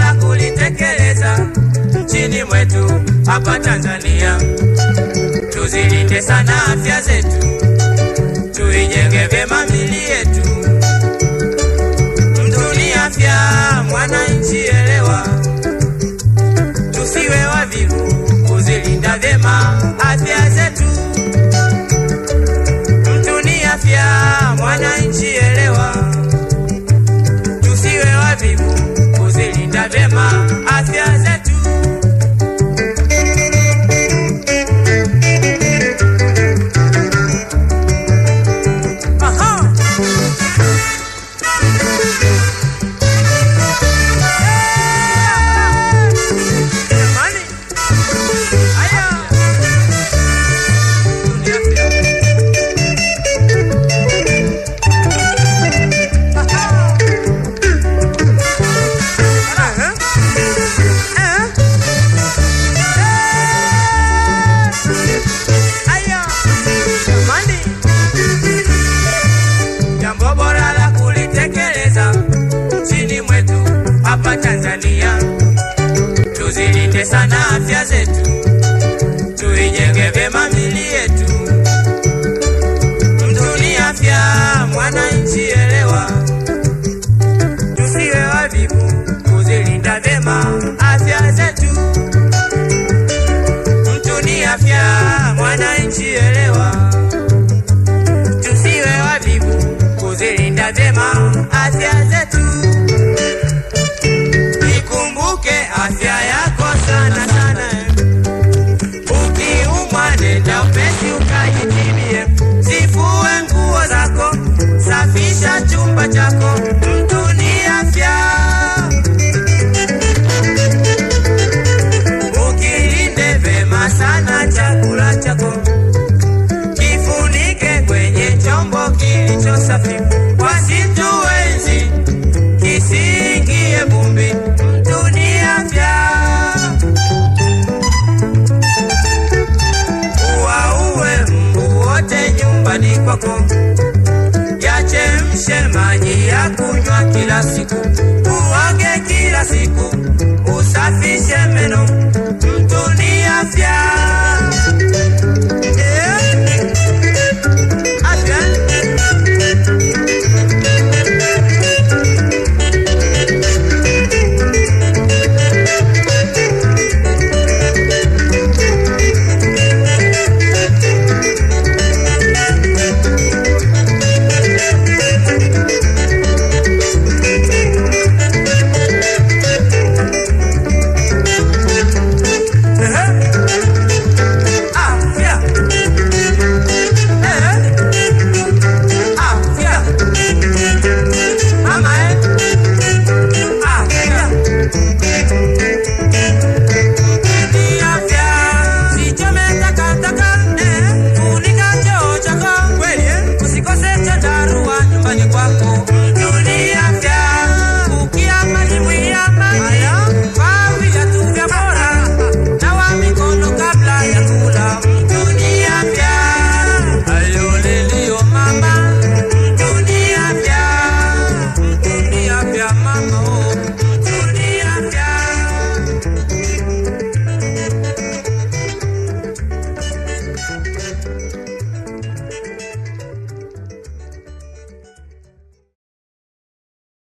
la kulitekeleza mwetu hapa Tanzania, tuzilinde sana afya zetu. si eres hapa Tanzania. Tuzilinde sana afya zetu, tuijenge vyema mili yetu. Mtu ni afya, mwananchi elewa, tusiwe wavivu kuzilinda vyema afya zetu. Mtu ni afya, mwananchi elewa, tusiwe wavivu kuzilinda vyema afya zetu. kwako, yachemshe maji ya kunywa kila siku, uoge kila siku